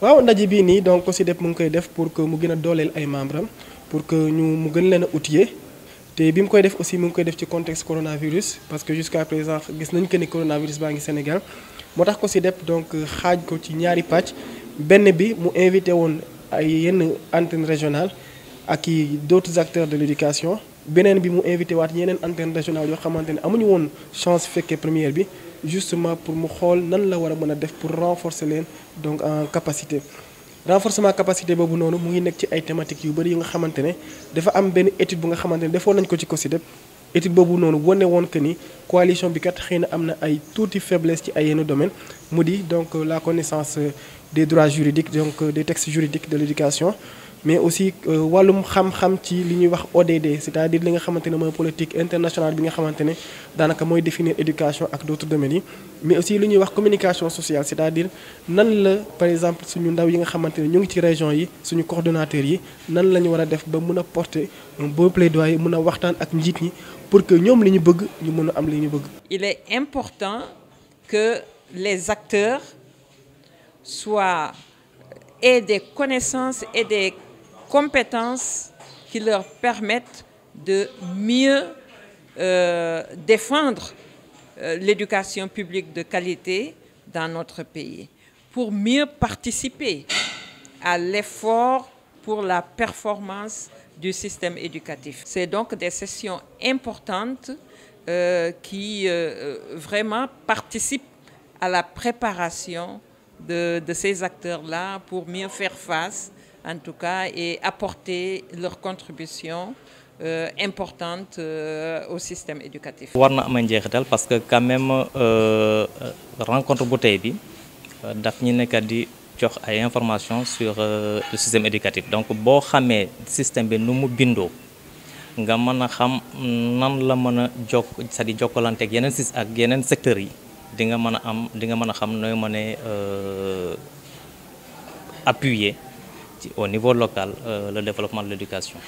waaw ndaje bii nii donc SYDEP pour que nous puissions a ay membres pour que nous mu gën leen bien outiller bi aussi mu koy def contexte coronavirus parce que jusqu'à présent gis pas que ni coronavirus au Sénégal Je tax que donc xaaj ko ci ñaari nous benn bi mu invité woon ay antenne régionale ak qui d'autres acteurs de l'éducation beneen bi mu invité waat une antenne régionale yoo xamante ne amuñu woon chance fekkee première bi justement pour mu xol nan la wara a def pour renforcer len donc en capacité renforcement capacité bobu noonu mu ngi nekk ci ay thématiques yu bari yu nga xamantene dafa am ben étude bu nga xamantene ne defoon nañ ko ci COSYDEP étude bobu noonu woné won que ni coalition bi kat xëy amna ay touti faiblesse ci ay yenn domaine mu di donc la connaissance des droits juridiques donc des textes juridiques de l'éducation mais aussi euh, walum xam-xam ci li ñuy wax ODD c'est-à-dire li nga xamantene moy politique internationale bi nga xamantene danaka moy définir éducation ak d'autres domaines yi mais aussi li ñuy wax communication sociale c'est-à-dire nan la par exemple suñu ndaw yi nga xamantene ñu ngi ci région yi suñu coordonnateurs yi nan lañu wara def ba mëna porter un beau plaidoyer mëna waxtaan ak njit ñi pour que ñom li ñu bëgg ñu mëna am li ñu bëgg. Il est important que les acteurs soient aient des connaissances et des compétences qui leur permettent de mieux euh, défendre euh, l'éducation publique de qualité dans notre pays, pour mieux participer à l'effort pour la performance du système éducatif. C'est donc des sessions importantes euh, qui vraiment participent à la préparation de ces acteurs-là pour mieux faire face en tout cas, et apporter leur contribution euh, importante euh, au système éducatif. war na am parce que quand même euh, rencontre bu tey bi euh, daf ñu nekkat di jox ay informations sur euh, le système éducatif donc boo xamee système bi nu mu bindoo nga mën a xam nan la mën a jokk cest à jokkalante ak yeneen sis ak yeneen secteurs yi di nga mën a am di nga mën a xam nooy mën a euh, appuyer au niveau local euh, le développement de l'éducation.